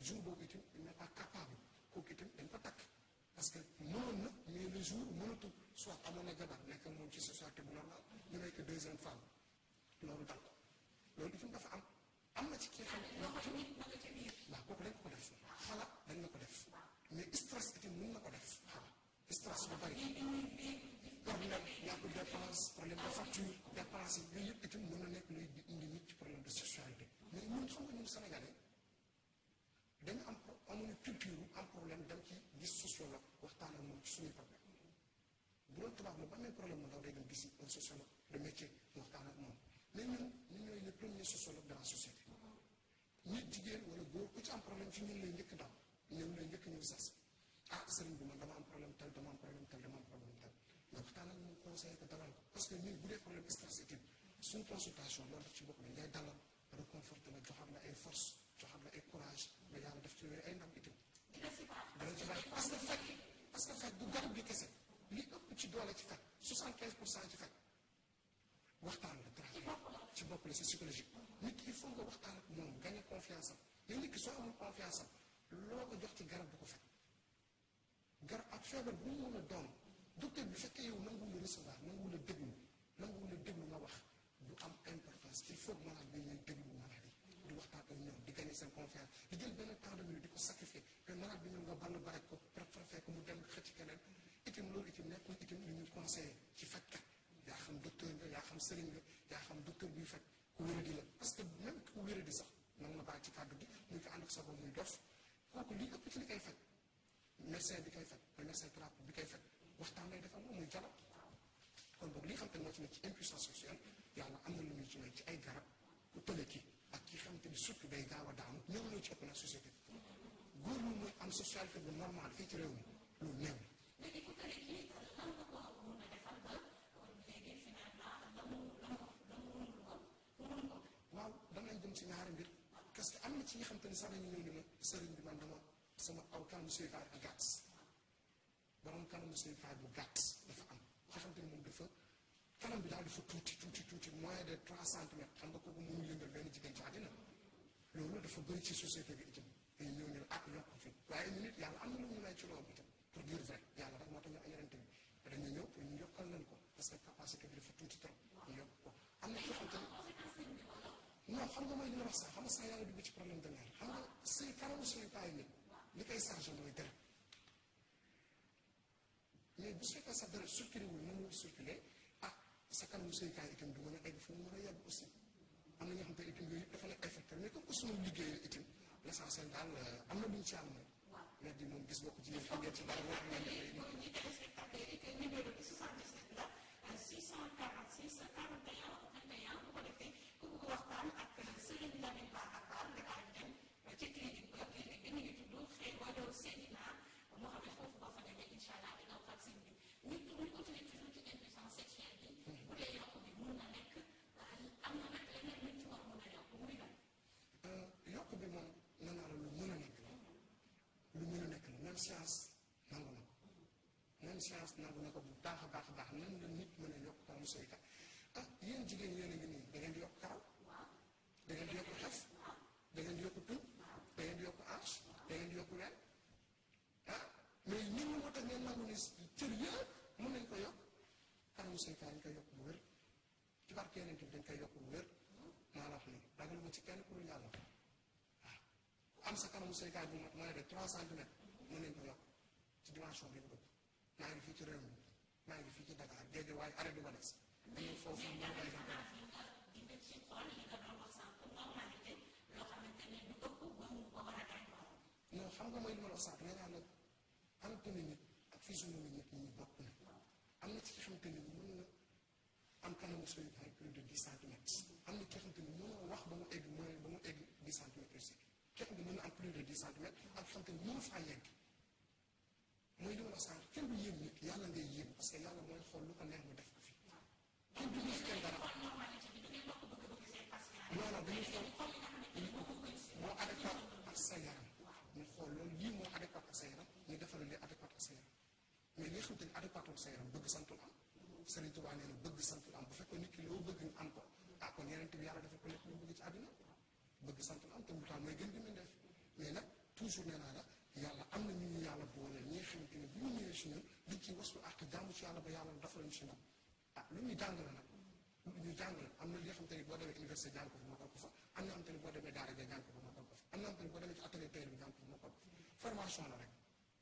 jour boobu itam il n'est pas capable kooku itam dañ ko takk parce que mënoon na mais le jour mënatul soit amoon na jabar nekk moom ci société bu normal ñu nekk deuxième femme loolu dal ko loolu itam dafa am am na ci kii xam ne waaw kooku dañ ko def xalaat dañ na ko def mais stress itam mën na ko def stress bu bari problème ñàkk dépense problème de facture dépense yi yooyu yëpp itam mën na nekk luy indi nit ci problème de socialité mais ñun xam nga ñun sénégalais culture am problème dem ci gis sociologue waxtaan ak moom ci suñu problème bu doon tubaab moom amee problème mu ndaw day dem gis un sociologue de métier moom mais ñun ñu ñooy les premiers sociologues de la société nit jigéen wala góor ku ci am problème ci ñun lay njëkk daw ñun lay njëkk ñëw sas ah sëriñ bi man dama am problème tel dama am problème tel dama am problème tel nga waxtaan ak moom conseillé ko dalal parce que ñun bu dee problème stress étude consultation loolu ci bokk dañ dalal réconforté zo xam ne ay courage ba yàlla def ci yooyu ay ndam itam dana ci baax parce que faj parce que faj du garab bi kese li ëpp ci doole ci faj 75 pour cent ci faj waxtaan la traité ci bopp la c'est psychologique nit il faut nga waxtaan ak moom gagné confiance am léegi nit ki soo amul confiance am loo ko jox ci garab bu ko faj garab ak feebar bu mu mën a doon docteur bi fekkee yow nangu la recevoir nangu la déglu nangu la déglu nga wax du am importance il faut malade bi ñuy déglu malade waxtaan ak ñoom di gagner seen confiance di jël benn temps de minute di ko sacrifier mais malade bi ñëw nga ball baraj ko préféré ko mu dem xëcc keneen itam loolu itam nekk na itam lu ñu conseillé ci fajkat yaa xam docteur nga yaa xam sëriñ nga yaa xam docteur buy faj ku wéradi la parce que même ku wéradi sax nan la baal ci kàddu gi muy ko ànd ak sago muy dof kooku li ëpp ci li koy faj médecin bi koy faj mooy médecin thérapeute bi koy faj waxtaan lay defal moom muy jalo kon boog lii xam day gaaw a daanu néew la ci na société bi am socialité bu normal fii ci réew mi lu néew waaw danañ dem ci ñaari mbir parce que am na ci nga xam sax dañu ñëw ni ma sëriñ bi man dama sama aw kanamu suivaay bu gàtt borom kanamu suivaay bu gàtt dafa am nga xam moom dafa kanam bi daal dafa tuuti tuuti tuuti moins de trois centimètres xam nga kooku mënul yëngal benn jigéen ci àddina loolu dafa bëri ci société bi itam day ñëw ñu ne ak yokku fi waaye ñu yàlla am na lu mu lay ci loolu itam pour dire vrai yàlla rek moo tax ñu ay yorente bi te dañuy ñëw pour ñu yokkal leen ko parce que capacité bi dafa tuuti trop ñu yokk ko am na yoo xam te non xam nga mooy li xam nga sax ci problème de xam nga say karamu suñu paay nit li koy chargé mooy deret mais bu fekkee sa deret circulé wul na a circulé ah sa karamu suñu kaay itam du mën a egg fu a yegg aussi am na ñoo xam te itam yooyu dafa nekk ay facteur mais comme que suñu liggéey la itam l'essentiel daal euh, am na luñ ci am mais di moom gis bokk ci yéen am ngeen ci dara loo xam ne dafay naan science nangu na ko naan science nangu na ko bu baax a baax a baax nan la nit mën a yokk karaw ah yéen jigéen yéen a ngi nii da ngeen di yokk karaw da ngeen di yokk xef da ngeen di yokk da ngeen di yokk arche da ngeen di yokk ah mais nit ñi moo tax ngeen nangu ne cër yëpp mën nañ ko yokk karaw soyta dañ koy yokk bu wér ci barke yeneen tamit dañ koy yokk bu wér maa la wax ci kenn yàlla ah, am sa bu mat de centimètres mën nañ ko yokk ci dimension bi mu dugg maa ngi fii ci réew mi maa ngi fii ci Dakar géej waaye arrêté ba des dañuy foofu xam nga mooy li ma la wax sànq nee naa am na ci ki xamante ne mën na am kanamu sooy am na ki xamante ne wax ba mu egg mooy ba mu egg dix centimètres aussi ki xamante ne mën na am plus de dix centimètres ak xamante ne mën na faa yegg mooy li sànq yàlla ngay yéem parce mooy xool lu ko neex def ko fi kenn du moo adéquat ak sa yaram ñu xool loolu lii moo adéquat sa yaram ñu defal li adéquat ak sa yaram mais li nga xamante ni adéquatul sa yaram bëgg santul am Sëriñ Tuubaa nee na bëgg santul am bu fekkoon nit ki loo bëgg ñu am ko ah kon yeneen bi yàlla dafa ko nekk lu bëgg ci àddina bëgg santul am te mu taal mooy gën di mën def mais nag toujours nee naa yàlla am na ñu ñu yàlla boole ñi nga xamante ne bu ñu ñëwee si ñun dañ ciy waslu ak jaamu ci yàlla ba yàlla dafa leen si ñun ah lu ñuy jàngale nag lu ñuy jàngale am na li nga xamante ne boo demee université jàng ko fa mokkal ko fa am na xamante ne boo demee daara ja jàng ko fa mokkal ko fa am na xamante ne boo demee ci atelier tey bi jàng ko fa mokkal ko fa formation la rek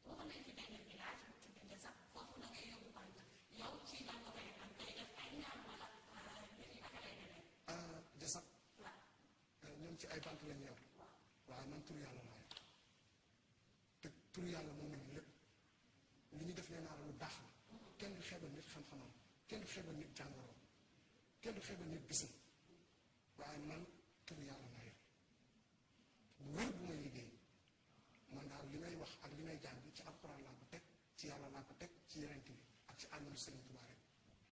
boo xam fi benn village bu tudd sax foofu la ngay yóbbu bant yow ci lan nga koy am day def ay ñaan wala lu ñuy naka lay demee ja sax ñoom ci ay bant lañ yow waaye man tur yàlla la turu yàlla moo mën lépp li ñu def nee naa la lu daax la kenn du xeebal nit xam-xamam kenn du xeebal nit jàngoroom kenn du xeebal nit bisam waaye man turu yàlla naa yor bu wér bu may liggéey man daal li may wax ak li may jàng ci alxuraan laa ko teg ci yàlla laa ko teg ci yeneen bi ak ci àndalu Sëriñ Tuubaa